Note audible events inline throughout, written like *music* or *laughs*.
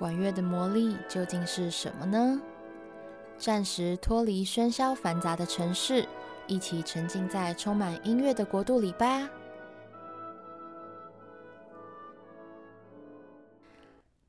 管樂的魔力究竟是什麼呢？暫時脫離喧囂繁雜的城市，一起沉浸在充滿音樂的國度裡吧。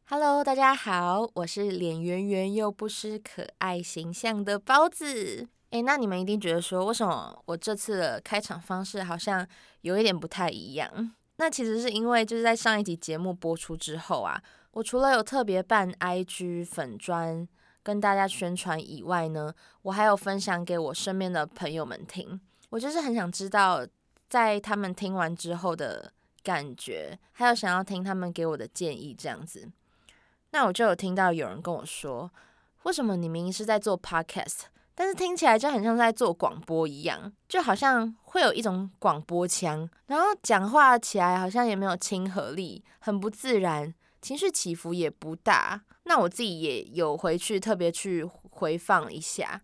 Hello，大家好，我是臉圓圓又不失可愛形象的包子。誒，那你們一定覺得說，為什麼我這次的開場方式好像有一點不太一樣？那其實是因為就是在上一集節目播出之後啊。我除了有特別辦 IG 粉專跟大家宣傳以外呢，我還有分享給我身邊的朋友們聽。我就是很想知道，在他們聽完之後的感覺，還有想要聽他們給我的建議這樣子。那我就有聽到有人跟我說，為什麼你明明是在做 Podcast，但是聽起來就很像在做廣播一樣，就好像會有一種廣播腔，然後講話起來好像也沒有親和力，很不自然。情緒起伏也不大，那我自己也有回去特別去回放一下，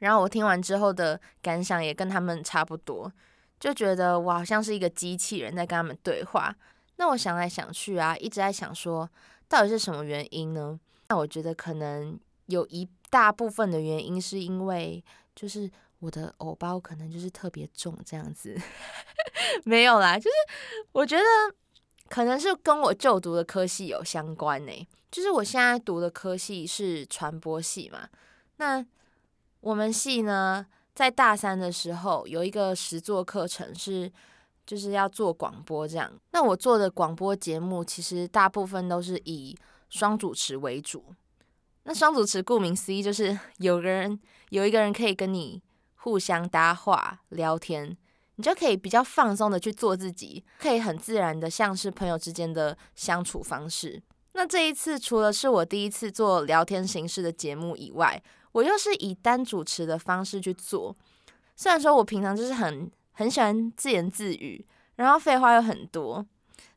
然後我聽完之後的感想也跟他們差不多，就覺得我好像是一個機器人在跟他們對話。那我想來想去啊，一直在想說，到底是什麼原因呢？那我覺得可能有一大部分的原因是因為，就是我的偶包可能就是特別重這樣子， *laughs* 沒有啦，就是我覺得。可能是跟我就讀的科系有相關呢。欸,就是我現在讀的科系是傳播系嘛，那我們系呢，在大三的時候有一個實作課程是就是要做廣播這樣，那我做的廣播節目其實大部分都是以雙主持為主，那雙主持顧名思義就是有個人有一個人可以跟你互相搭話聊天。你就可以比較放鬆的去做自己，可以很自然的像是朋友之間的相處方式。那這一次除了是我第一次做聊天形式的節目以外，我又是以單主持的方式去做。雖然說我平常就是很很喜歡自言自語，然後廢話又很多，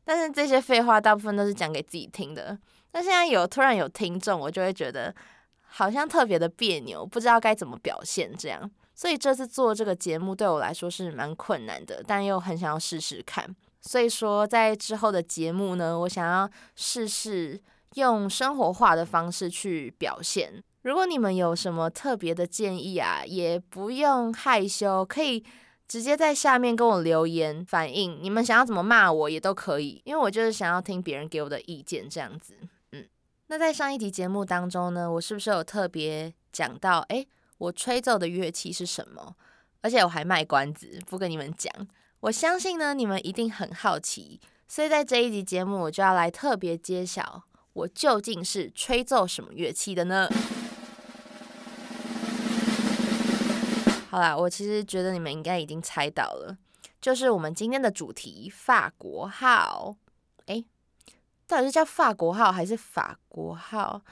但是這些廢話大部分都是講給自己聽的。那現在有突然有聽眾，我就會覺得好像特別的別扭，不知道該怎麼表現這樣。所以這次做這個節目對我來說是蠻困難的，但又很想要試試看。所以說，在之後的節目呢，我想要試試用生活化的方式去表現。如果你們有什麼特別的建議啊，也不用害羞，可以直接在下面跟我留言反映。你們想要怎麼罵我也都可以，因為我就是想要聽別人給我的意見這樣子。嗯，那在上一集節目當中呢，我是不是有特別講到？哎。我吹奏的樂器是什麼？而且我還賣關子，不跟你們講。我相信呢，你們一定很好奇，所以在這一集節目，我就要來特別揭曉，我究竟是吹奏什麼樂器的呢？好啦，我其實覺得你們應該已經猜到了，就是我們今天的主題——法國號。誒，到底是叫法國號還是法國號？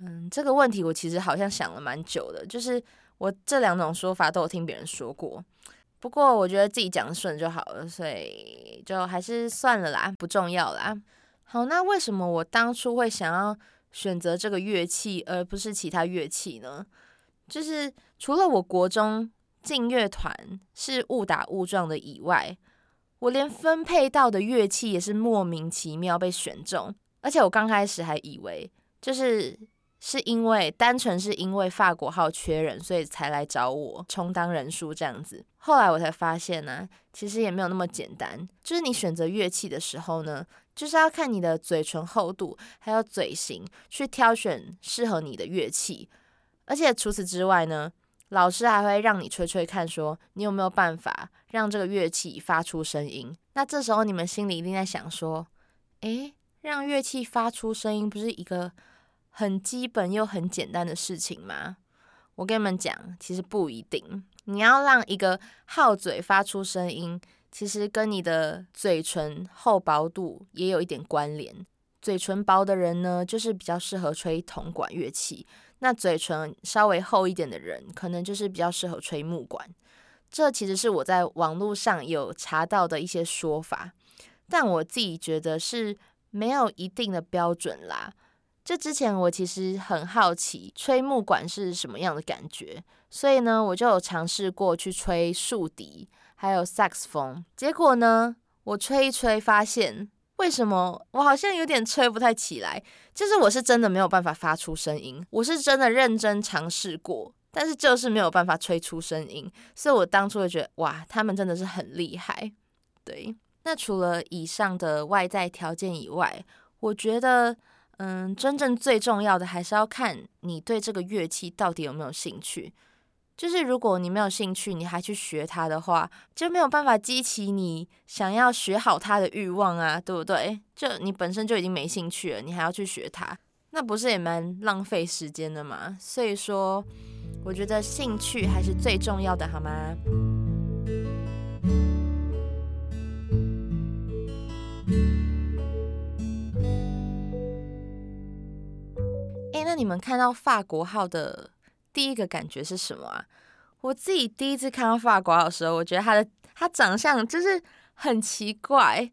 嗯，這個問題我其實好像想了蠻久的，就是我這兩種說法都有聽別人說過，不過我覺得自己講順就好了，所以就還是算了啦，不重要啦。好，那為什麼我當初會想要選擇這個樂器而不是其他樂器呢？就是除了我國中進樂團是誤打誤撞的以外，我連分配到的樂器也是莫名其妙被選中，而且我剛開始還以為就是。是因為單純是因為法國號缺人，所以才來找我充當人數這樣子。後來我才發現呢、啊，其實也沒有那麼簡單。就是你選擇樂器的時候呢，就是要看你的嘴唇厚度還有嘴型去挑選適合你的樂器。而且除此之外呢，老師還會讓你吹吹看說，說你有沒有辦法讓這個樂器發出聲音。那這時候你們心裡一定在想說，誒，讓樂器發出聲音不是一個？很基本又很簡單的事情嗎？我跟你們講，其實不一定。你要讓一個號嘴發出聲音，其實跟你的嘴唇厚薄度也有一點關聯。嘴唇薄的人呢，就是比較適合吹銅管樂器；那嘴唇稍微厚一點的人，可能就是比較適合吹木管。這其實是我在網絡上有查到的一些說法，但我自己覺得是沒有一定的標準啦。這之前我其實很好奇吹木管是什麼樣的感覺，所以呢，我就有嘗試過去吹豎笛，還有薩克斯風。結果呢，我吹一吹，發現為什麼我好像有點吹不太起來，就是我是真的沒有辦法發出聲音，我是真的認真嘗試過，但是就是沒有辦法吹出聲音。所以我當初就覺得，哇，他們真的是很厲害。對，那除了以上的外在條件以外，我覺得。嗯，真正最重要的還是要看你對這個樂器到底有沒有興趣。就是如果你沒有興趣，你還去學它的話，就沒有辦法激起你想要學好它的慾望啊，對不對？就你本身就已經沒興趣了，你還要去學它，那不是也蠻浪費時間的嘛？所以說，我覺得興趣還是最重要的，好嗎？那你們看到法國號的第一個感覺是什麼啊？我自己第一次看到法國號的時候，我覺得它的它長相就是很奇怪，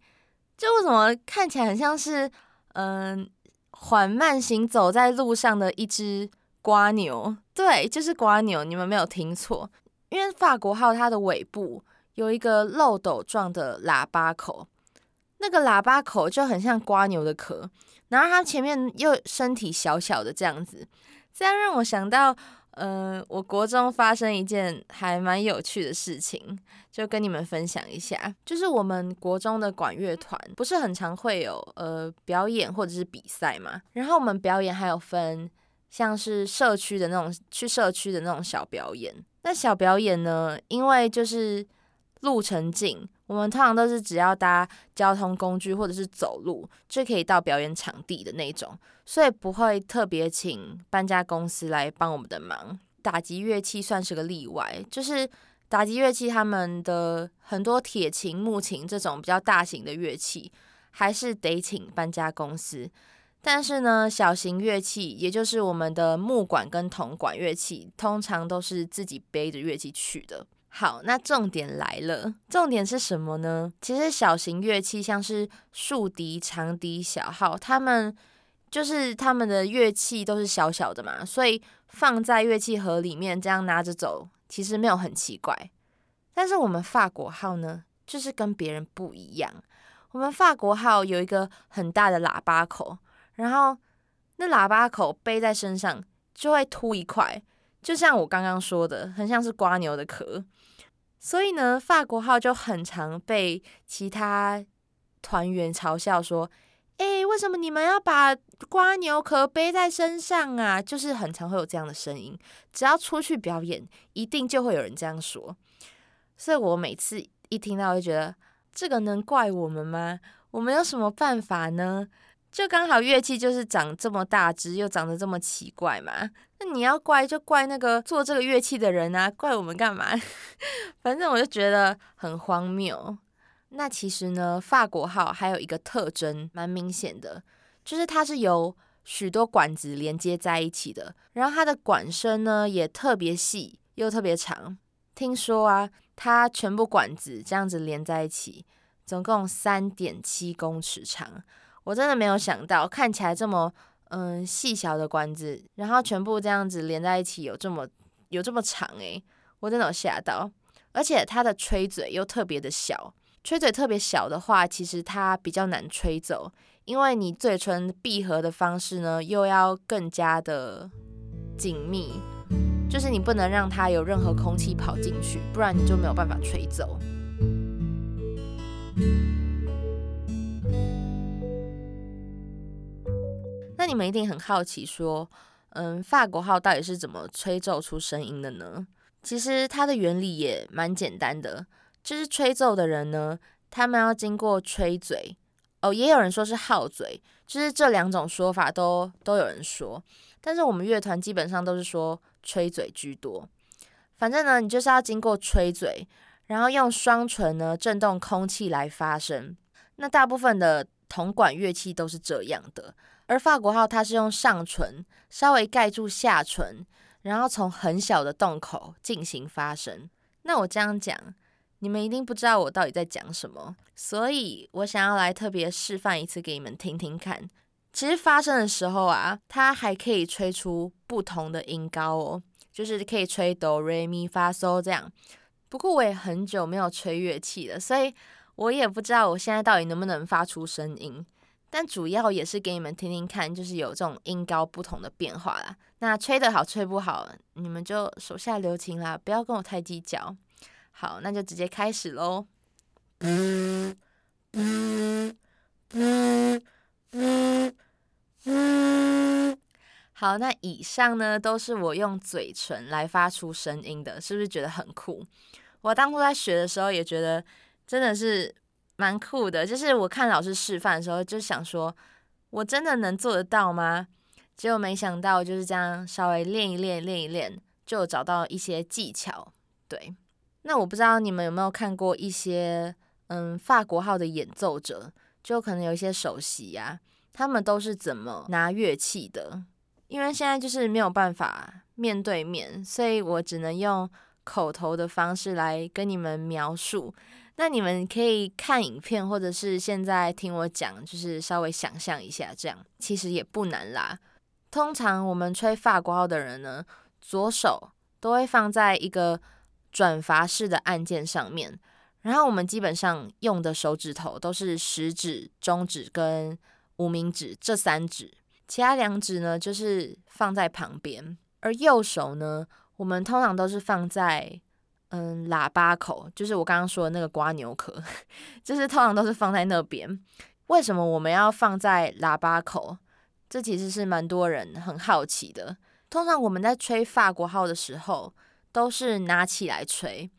就為什麼看起來很像是嗯緩慢行走在路上的一只蝸牛？對，就是蝸牛。你們沒有聽錯，因為法國號它的尾部有一個漏斗狀的喇叭口，那個喇叭口就很像蝸牛的殼。然後他前面又身體小小的這樣子，這樣讓我想到，呃，我國中發生一件還蠻有趣的事情，就跟你們分享一下，就是我們國中的管樂團不是很常會有呃表演或者是比賽嘛，然後我們表演還有分像是社區的那種去社區的那種小表演，那小表演呢，因為就是路程近。我們通常都是只要搭交通工具或者是走路就可以到表演場地的那種，所以不會特別請搬家公司來幫我們的忙。打擊樂器算是個例外，就是打擊樂器他們的很多鐵琴、木琴這種比較大型的樂器，還是得請搬家公司。但是呢，小型樂器，也就是我們的木管跟銅管樂器，通常都是自己背着樂器去的。好，那重點來了，重點是什麼呢？其實小型樂器像是豎笛、長笛、小號，他們就是他們的樂器都是小小的嘛，所以放在樂器盒裡面，這樣拿着走，其實沒有很奇怪。但是我們法國號呢，就是跟別人不一樣，我們法國號有一個很大的喇叭口，然後那喇叭口背在身上就會凸一塊。就像我剛剛說的，很像是蝸牛的殼，所以呢，法國號就很常被其他團員嘲笑說：“誒、欸，為什麼你們要把蝸牛殼背在身上啊？”就是很常會有這樣的聲音，只要出去表演，一定就會有人這樣說。所以我每次一聽到，就覺得這個能怪我們嗎？我們有什麼辦法呢？就剛好樂器就是長這麼大隻，又長得這麼奇怪嘛。那你要怪就怪那個做這個樂器的人啊，怪我們幹嘛？ *laughs* 反正我就覺得很荒謬。那其實呢，法國號還有一個特徵蠻明顯的，就是它是由許多管子連接在一起的。然後它的管身呢，也特別細又特別長。聽說啊，它全部管子這樣子連在一起，總共三點七公尺長。我真的沒有想到，看起來這麼嗯細小的管子，然後全部這樣子連在一起有、有這麼有這麼長誒、欸，我真的有嚇到。而且它的吹嘴又特別的小，吹嘴特別小的話，其實它比較難吹走，因為你嘴唇閉合的方式呢，又要更加的緊密，就是你不能讓它有任何空氣跑進去，不然你就沒有辦法吹走。你們一定很好奇，說，嗯，法國號到底是怎麼吹奏出聲音的呢？其實它的原理也蠻簡單的，就是吹奏的人呢，他們要經過吹嘴，哦，也有人說是號嘴，就是這兩種說法都都有人說，但是我們樂團基本上都是說吹嘴居多。反正呢，你就是要經過吹嘴，然後用雙唇呢震動空氣來發聲。那大部分的銅管樂器都是這樣的。而法國號，它是用上唇稍微蓋住下唇，然後從很小的洞口進行發聲。那我這樣講，你們一定不知道我到底在講什麼。所以我想要來特別示範一次給你們聽聽看。其實發聲的時候啊，它還可以吹出不同的音高哦，就是可以吹哆、瑞、咪、發、嗦這樣。不過我也很久沒有吹樂器了，所以我也不知道我現在到底能不能發出聲音。但主要也是給你們聽聽看，就是有這種音高不同的變化啦。那吹得好吹不好，你們就手下留情啦，不要跟我太計較。好，那就直接開始嘍。好，那以上呢，都是我用嘴唇來發出聲音的，是不是覺得很酷？我當初在學的時候也覺得真的是。蠻酷的，就是我看老師示範的時候，就想說，我真的能做得到嗎？結果沒想到，就是這樣稍微練一練，練一練，就找到一些技巧。對，那我不知道你們有沒有看過一些，嗯，法國號的演奏者，就可能有一些首席呀、啊，他們都是怎麼拿樂器的？因為現在就是沒有辦法面對面，所以我只能用口頭的方式來跟你們描述。那你們可以看影片，或者是現在聽我講，就是稍微想象一下，這樣其實也不難啦。通常我們吹法國號的人呢，左手都會放在一個轉閥式的按鍵上面，然後我們基本上用的手指頭都是食指、中指跟無名指這三指，其他兩指呢，就是放在旁邊。而右手呢，我們通常都是放在。嗯，喇叭口就是我剛剛說的那個蝸牛殼，就是通常都是放在那邊。為什麼我們要放在喇叭口？這其實是蠻多人很好奇的。通常我們在吹法國號的時候，都是拿起來吹，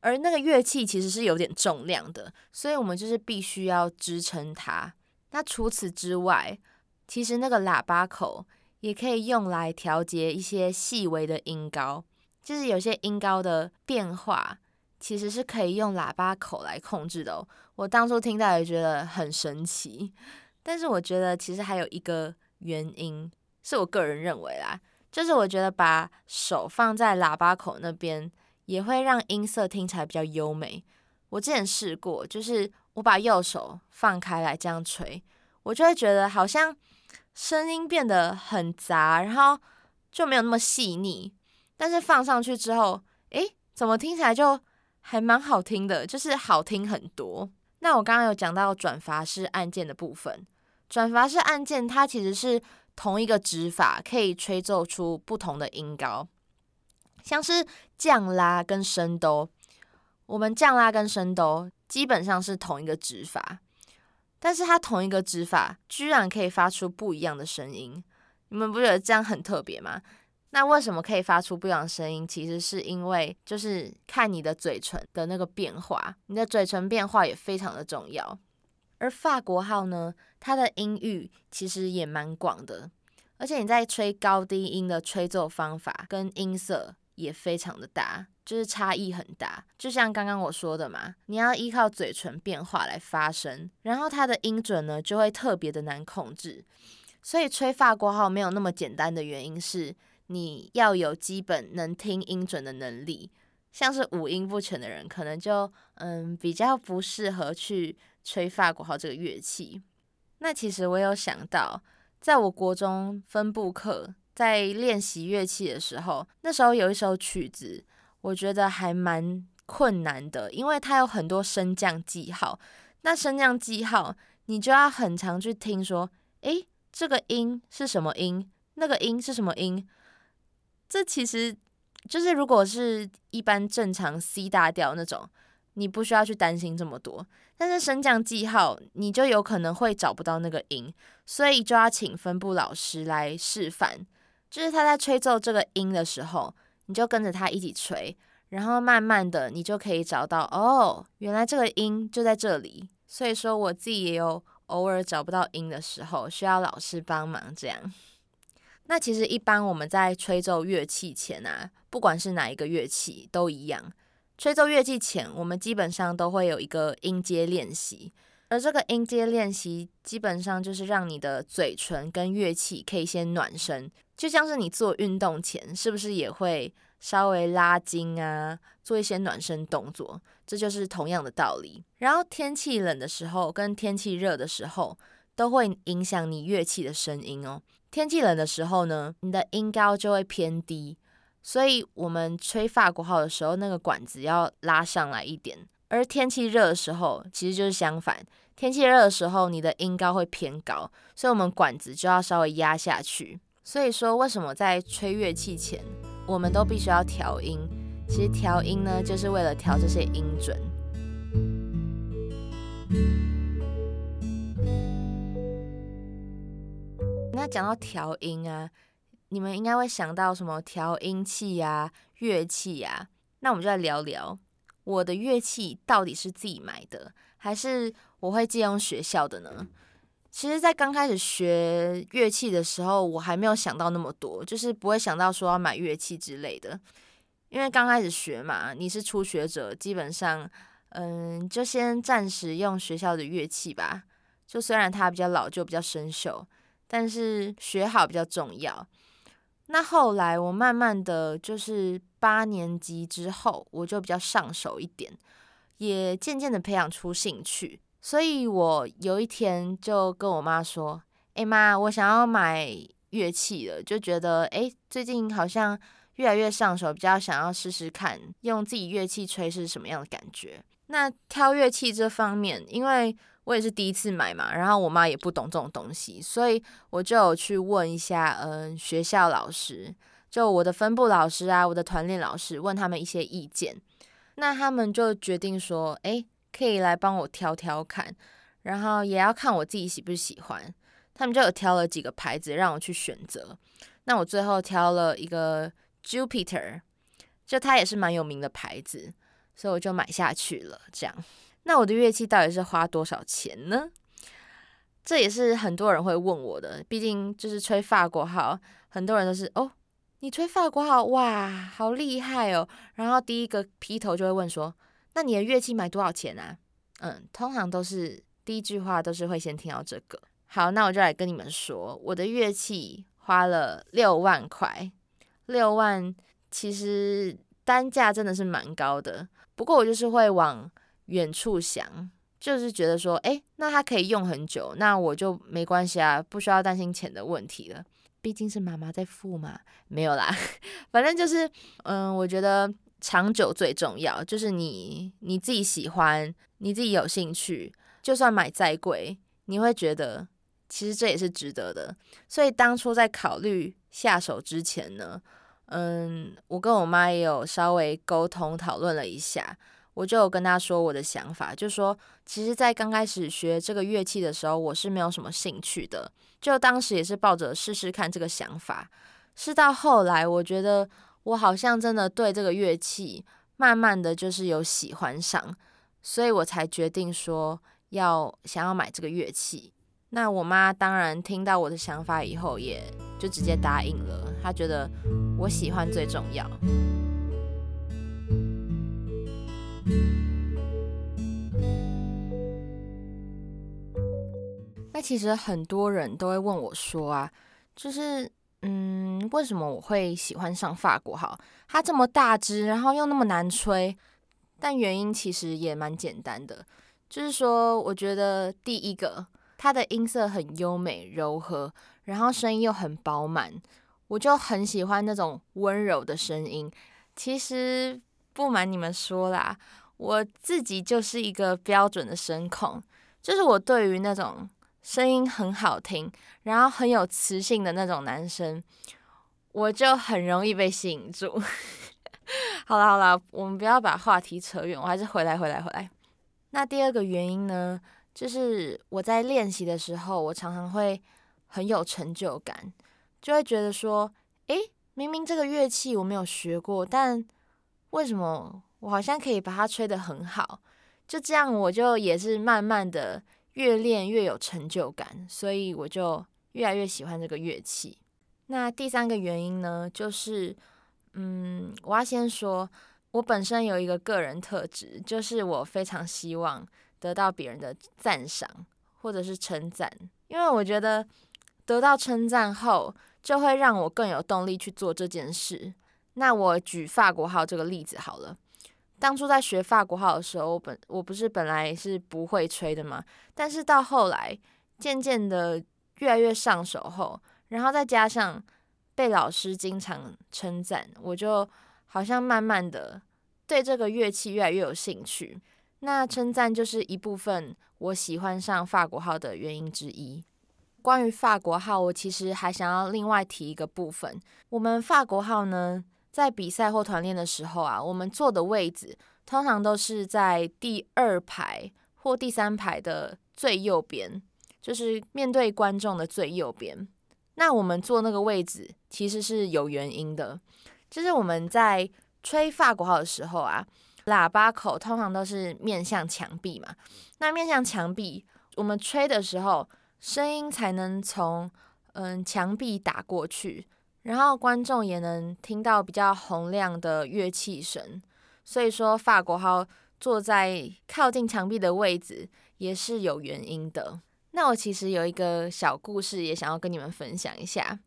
而那個樂器其實是有點重量的，所以我們就是必須要支撐它。那除此之外，其實那個喇叭口也可以用來調節一些細微的音高。就是有些音高的變化，其實是可以用喇叭口來控制的哦。我當初聽到也覺得很神奇，但是我覺得其實還有一個原因，是我個人認為啦，就是我覺得把手放在喇叭口那邊，也會讓音色聽起來比較優美。我之前試過，就是我把右手放開來這樣吹，我就會覺得好像聲音變得很雜，然後就沒有那麼細膩。但是放上去之後，誒，怎麼聽起來就還蠻好聽的？就是好聽很多。那我剛剛有講到轉閥式按鍵的部分，轉閥式按鍵它其實是同一個指法，可以吹奏出不同的音高，像是降拉跟升兜。我們降拉跟升兜基本上是同一個指法，但是它同一個指法居然可以發出不一樣的聲音，你們不覺得這樣很特別嗎？那為什麼可以發出不一樣的聲音？其實是因為就是看你的嘴唇的那個變化，你的嘴唇變化也非常的重要。而法國號呢，它的音域其實也蠻廣的，而且你在吹高低音的吹奏方法跟音色也非常的大，就是差異很大。就像剛剛我說的嘛，你要依靠嘴唇變化來發聲，然後它的音準呢就會特別的難控制。所以吹法國號沒有那麼簡單的原因是，你要有基本能聽音準的能力，像是五音不全的人，可能就嗯，比較不適合去吹法國號這個樂器。那其實我有想到，在我國中分部課在練習樂器的時候，那時候有一首曲子，我覺得還蠻困難的，因為它有很多升降記號。那升降記號，你就要很常去聽說，誒、欸，這個音是什麼音？那個音是什麼音？這其實就是，如果是一般正常 C 大調那種，你不需要去擔心這麼多。但是升降記號，你就有可能會找不到那個音，所以就要請分部老師來示範。就是他在吹奏這個音的時候，你就跟着他一起吹，然後慢慢的你就可以找到哦，原來這個音就在這裡。所以說我自己也有偶爾找不到音的時候，需要老師幫忙這樣。那其實一般我們在吹奏樂器前啊，不管是哪一個樂器都一樣。吹奏樂器前，我們基本上都會有一個音階練習，而這個音階練習基本上就是讓你的嘴唇跟樂器可以先暖身，就像是你做運動前是不是也會稍微拉筋啊，做一些暖身動作？這就是同樣的道理。然後天氣冷的時候跟天氣熱的時候，都會影響你樂器的聲音哦。天氣冷的時候呢，你的音高就會偏低，所以我們吹法國號的時候，那個管子要拉上來一點；而天氣熱的時候，其實就是相反。天氣熱的時候，你的音高會偏高，所以我們管子就要稍微壓下去。所以說，為什麼在吹樂器前，我們都必須要調音？其實調音呢，就是為了調這些音準。那講到調音啊，你們應該會想到什麼調音器啊、樂器啊。那我們就來聊聊，我的樂器到底是自己買的，還是我會借用學校的呢？其實，在剛開始學樂器的時候，我還沒有想到那麼多，就是不會想到說要買樂器之類的。因為剛開始學嘛，你是初學者，基本上，嗯，就先暫時用學校的樂器吧。就雖然它比較老舊，就比較生銹。但是學好比較重要。那後來我慢慢的，就是八年級之後，我就比較上手一點，也漸漸的培養出興趣。所以我有一天就跟我媽說：“哎、欸、媽，我想要買樂器了。”就覺得誒、欸，最近好像越來越上手，比較想要試試看，用自己樂器吹是什麼樣的感覺。那挑樂器這方面，因為我也是第一次買嘛，然後我媽也不懂這種東西，所以我就有去問一下，嗯，學校老師，就我的分部老師啊，我的團練老師，問他們一些意見。那他們就決定說，哎，可以來幫我挑挑看，然後也要看我自己喜不喜歡。他們就有挑了幾個牌子讓我去選擇，那我最後挑了一個 Jupiter，就它也是蠻有名的牌子，所以我就買下去了，這樣。那我的樂器到底是花多少錢呢？這也是很多人會問我的，畢竟就是吹法國號，很多人都是哦，你吹法國號哇，好厲害哦。然後第一個劈頭就會問說，那你的樂器買多少錢啊？嗯，通常都是第一句話都是會先聽到這個。好，那我就來跟你們說，我的樂器花了六萬塊，六萬其實單價真的是蠻高的。不過我就是會往，遠處想，就是覺得說，誒、欸，那它可以用很久，那我就沒關係啊，不需要擔心錢的問題了。畢竟是媽媽在付嘛，沒有啦。反正就是，嗯，我覺得長久最重要，就是你你自己喜歡，你自己有興趣，就算買再貴，你會覺得其實這也是值得的。所以當初在考慮下手之前呢，嗯，我跟我媽也有稍微溝通討論了一下。我就有跟他說我的想法，就說其實，在剛開始學這個樂器的時候，我是沒有什麼興趣的，就當時也是抱着試試看這個想法。是到後來，我覺得我好像真的對這個樂器，慢慢的就是有喜歡上，所以我才決定說要想要買這個樂器。那我媽當然聽到我的想法以後，也就直接答應了。她覺得我喜歡最重要。那其實很多人都會問我說啊，就是嗯，為什麼我會喜歡上法國號？它這麼大隻，然後又那麼難吹。但原因其實也蠻簡單的，就是說，我覺得第一個，它的音色很優美柔和，然後聲音又很飽滿，我就很喜歡那種溫柔的聲音。其實不瞞你們說啦，我自己就是一個標準的聲控，就是我對於那種。聲音很好聽，然後很有磁性的那種男生，我就很容易被吸引住。 *laughs* 好啦好啦，我們不要把話題扯遠，我還是回來回來回來。那第二個原因呢，就是我在練習的時候，我常常會很有成就感，就會覺得說，誒，明明這個樂器我沒有學過，但為什麼我好像可以把它吹得很好？就這樣，我就也是慢慢的。越練越有成就感，所以我就越來越喜歡這個樂器。那第三個原因呢，就是，嗯，我要先說，我本身有一個個人特質，就是我非常希望得到別人的讚賞或者是稱讚，因為我覺得得到稱讚後，就會讓我更有動力去做這件事。那我舉法國號這個例子好了。當初在學法國號的時候，我本我不是本來是不會吹的嘛，但是到後來漸漸的越來越上手後，然後再加上被老師經常稱讚，我就好像慢慢的對這個樂器越來越有興趣。那稱讚就是一部分我喜歡上法國號的原因之一。關於法國號，我其實還想要另外提一個部分，我們法國號呢，在比賽或團練的時候啊，我們坐的位置通常都是在第二排或第三排的最右邊，就是面對觀眾的最右邊。那我們坐那個位置其實是有原因的，就是我們在吹法國號的時候啊，喇叭口通常都是面向牆壁嘛。那面向牆壁，我們吹的時候，聲音才能從嗯牆壁打過去。然後觀眾也能聽到比較洪亮的樂器聲，所以說法國號坐在靠近牆壁的位置也是有原因的。那我其實有一個小故事也想要跟你們分享一下，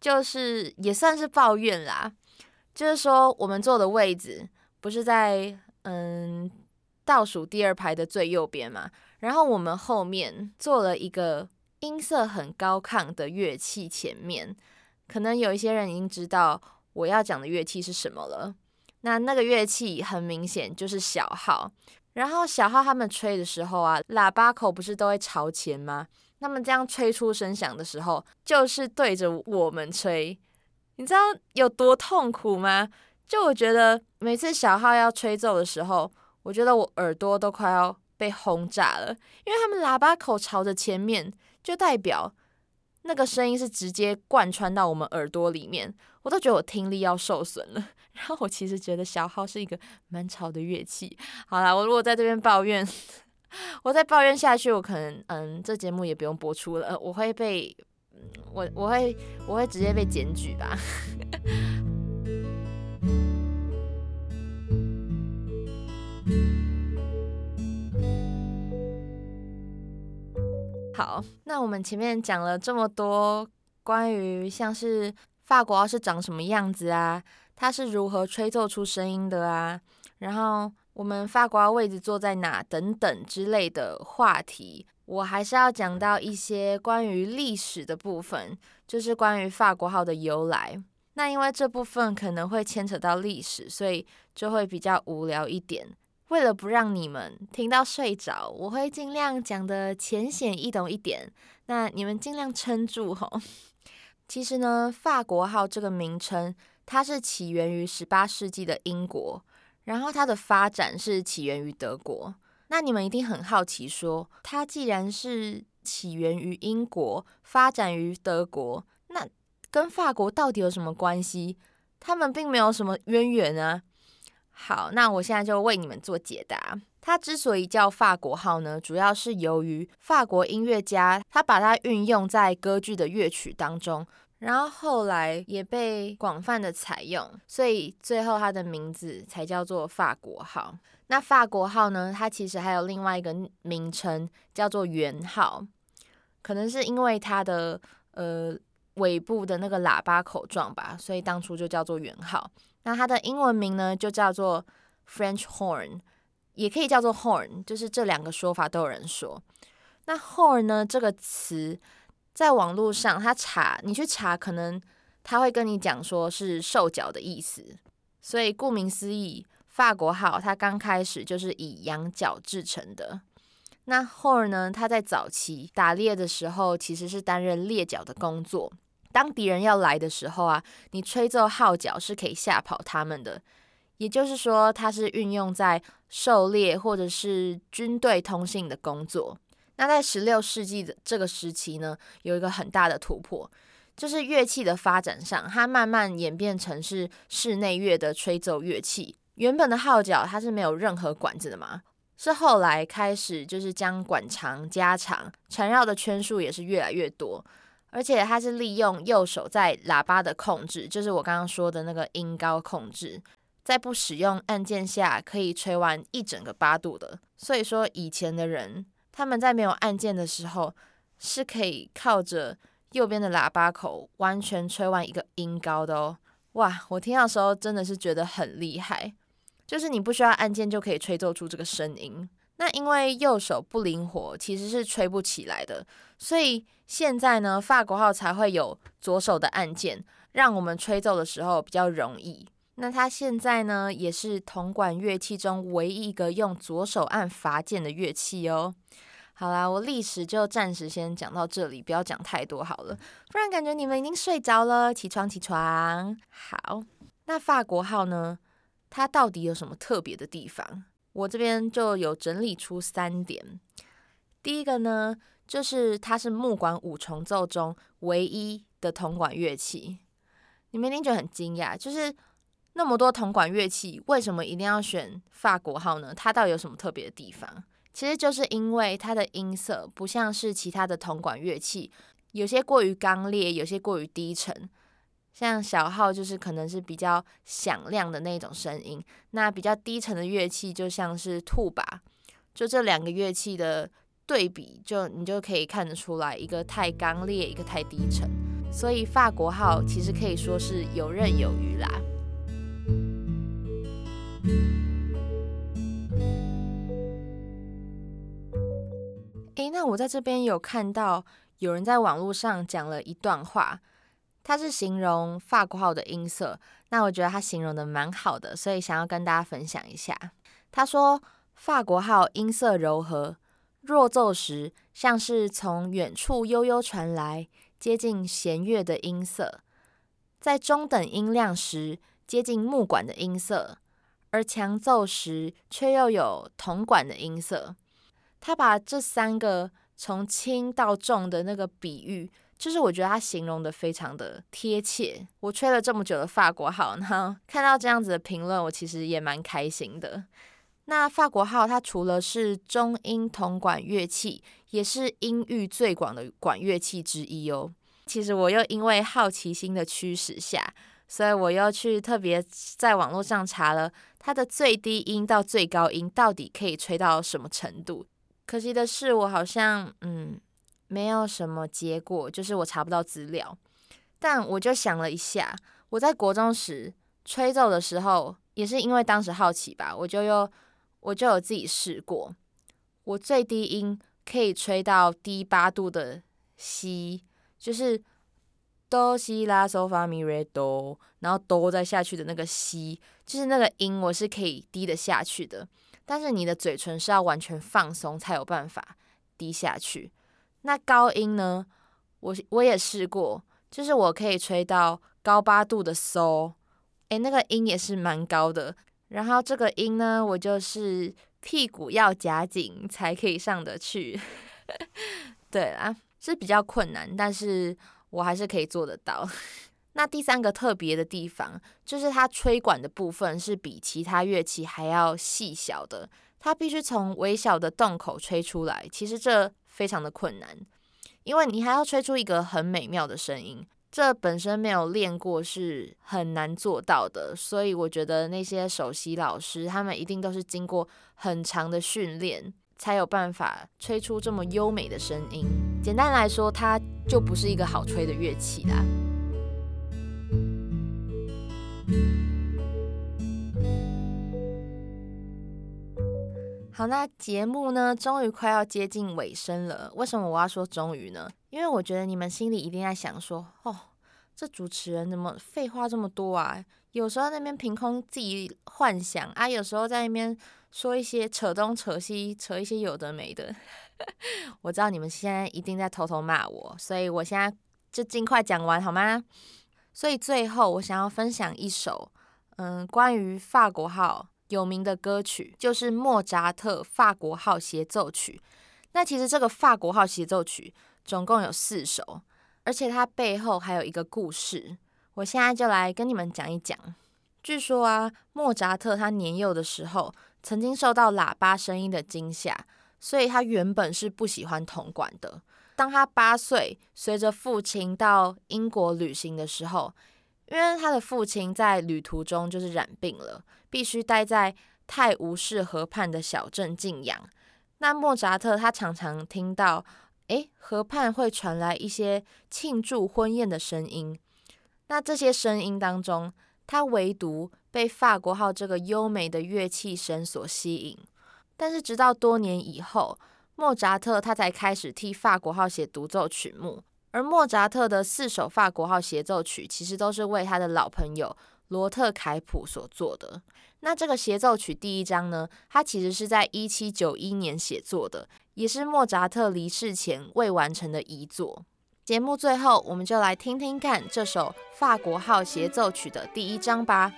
就是也算是抱怨啦，就是說我們坐的位置不是在嗯倒數第二排的最右邊嘛，然後我們後面坐了一個音色很高亢的樂器前面。可能有一些人已經知道我要講的樂器是什麼了。那那個樂器很明顯就是小號。然後小號他們吹的時候啊，喇叭口不是都會朝前嗎？他們這樣吹出聲響的時候，就是對着我們吹。你知道有多痛苦嗎？就我覺得每次小號要吹奏的時候，我覺得我耳朵都快要被轟炸了，因為他們喇叭口朝着前面，就代表。那個聲音是直接貫穿到我們耳朵裡面，我都覺得我聽力要受損了。然後我其實覺得小號是一個蠻吵的樂器。好啦，我如果在這邊抱怨，我再抱怨下去，我可能嗯，這節目也不用播出了。我會被，我我會我會直接被檢舉吧。好，那我們前面講了這麼多關於像是法國號是長什麼樣子啊，它是如何吹奏出聲音的啊，然後我們法國號位置坐在哪等等之類的話題，我還是要講到一些關於歷史的部分，就是關於法國號的由來。那因為這部分可能會牽扯到歷史，所以就會比較無聊一點。為了不讓你們聽到睡着，我會盡量講得淺顯易懂一點。那你們盡量撐住吼、哦。其實呢，法國號這個名稱，它是起源於十八世紀的英國，然後它的發展是起源於德國。那你們一定很好奇說，說它既然是起源於英國，發展於德國，那跟法國到底有什麼關係？它們並沒有什麼淵源啊。好，那我現在就為你們做解答。它之所以叫法國號呢，主要是由於法國音樂家他把它運用在歌劇的樂曲當中，然後後來也被廣泛的採用，所以最後它的名字才叫做法國號。那法國號呢，它其實還有另外一個名稱叫做圓號，可能是因為它的呃尾部的那個喇叭口狀吧，所以當初就叫做圓號。那它的英文名呢，就叫做 French Horn，也可以叫做 Horn，就是這兩個說法都有人說。那 Horn 呢，這個詞，在網絡上它查，他查你去查，可能他會跟你講說是獸角的意思，所以顧名思義，法國號它剛開始就是以羊角制成的。那 Horn 呢，它在早期打獵的時候，其實是擔任獵角的工作。當敵人要來的時候啊，你吹奏號角是可以嚇跑他們的。也就是說，它是運用在狩獵或者是軍隊通信的工作。那在十六世紀的這個時期呢，有一個很大的突破，就是樂器的發展上，它慢慢演變成是室內樂的吹奏樂器。原本的號角它是沒有任何管子的嘛，是後來開始就是將管長加長，纏繞的圈數也是越來越多。而且它是利用右手在喇叭的控制，就是我剛剛說的那個音高控制，在不使用按鍵下可以吹完一整個八度的。所以說以前的人，他們在沒有按鍵的時候，是可以靠着右邊的喇叭口完全吹完一個音高的哦。哇，我聽到時候真的是覺得很厲害，就是你不需要按鍵就可以吹奏出這個聲音。那因為右手不靈活，其實是吹不起來的，所以現在呢，法國號才會有左手的按鍵，讓我們吹奏的時候比較容易。那它現在呢，也是銅管樂器中唯一一個用左手按閥鍵的樂器哦。好啦，我歷史就暫時先講到這裡，不要講太多好了，不然感覺你們已經睡着了。起床，起床。好，那法國號呢，它到底有什麼特別的地方？我這邊就有整理出三點。第一個呢，就是它是木管五重奏中唯一的銅管樂器。你們一定覺得很驚訝，就是那麼多銅管樂器，為什麼一定要選法國號呢？它到底有什麼特別的地方？其實就是因為它的音色不像是其他的銅管樂器，有些過於剛烈，有些過於低沉。像小號就是可能是比較響亮的那種聲音，那比較低沉的樂器就像是 Tuba，就這兩個樂器的對比，就你就可以看得出來，一個太剛烈，一個太低沉，所以法國號其實可以說是游刃有餘啦。哎、欸，那我在這邊有看到有人在網絡上講了一段話。他是形容法國號的音色，那我覺得他形容得蠻好的，所以想要跟大家分享一下。他說法國號音色柔和，弱奏時像是從遠處悠悠傳來，接近弦樂的音色；在中等音量時接近木管的音色，而強奏時卻又有銅管的音色。他把這三個從輕到重的那個比喻。就是我覺得他形容的非常的貼切。我吹了這麼久的法國號，那看到這樣子的評論，我其實也蠻開心的。那法國號它除了是中音銅管樂器，也是音域最廣的管樂器之一哦。其實我又因為好奇心的驅使下，所以我又去特別在網絡上查了它的最低音到最高音到底可以吹到什麼程度。可惜的是，我好像嗯。沒有什麼結果，就是我查不到資料。但我就想了一下，我在國中時吹奏的時候，也是因為當時好奇吧，我就又我就有自己試過。我最低音可以吹到低八度的西，就是哆西拉嗦發咪瑞哆，然後哆再下去的那個西，就是那個音我是可以低得下去的。但是你的嘴唇是要完全放鬆才有辦法低下去。那高音呢？我我也試過，就是我可以吹到高八度的 so，誒，那個音也是蠻高的。然後這個音呢，我就是屁股要夾緊才可以上得去。 *laughs* 對啦，是比較困難，但是我還是可以做得到。 *laughs* 那第三個特別的地方，就是它吹管的部分是比其他樂器還要細小的，它必須從微小的洞口吹出來。其實這非常的困難，因為你還要吹出一個很美妙的聲音，這本身沒有練過是很難做到的。所以我覺得那些首席老師，他們一定都是經過很長的訓練，才有辦法吹出這麼優美的聲音。簡單來說，它就不是一個好吹的樂器啦。好，那節目呢，終於快要接近尾聲了。為什麼我要說終於呢？因為我覺得你們心裡一定在想說，哦，這主持人怎麼廢話這麼多啊？有時候那邊憑空自己幻想啊，有時候在那邊說一些扯東扯西，扯一些有的沒的。 *laughs* 我知道你們現在一定在偷偷罵我，所以我現在就盡快講完好嗎？所以最後，我想要分享一首，嗯，關於法國號。有名的歌曲就是莫扎特《法國號協奏曲》。那其實這個《法國號協奏曲》總共有四首，而且它背後還有一個故事，我現在就來跟你們講一講。據說啊，莫扎特他年幼的時候曾經受到喇叭聲音的驚嚇，所以他原本是不喜歡銅管的。當他八歲，隨着父親到英國旅行的時候，因為他的父親在旅途中就是染病了，必須待在泰晤士河畔的小鎮靜養。那莫扎特他常常聽到，誒,河畔會傳來一些慶祝婚宴的聲音。那這些聲音當中，他唯獨被法國號這個優美的樂器聲所吸引。但是直到多年以後，莫扎特他才開始替法國號寫獨奏曲目。而莫扎特的四首法國號協奏曲，其實都是為他的老朋友羅特凱普所做的。那這個協奏曲第一章呢，它其實是在一七九一年寫作的，也是莫扎特離世前未完成的遺作。節目最後，我們就來聽聽看這首法國號協奏曲的第一章吧。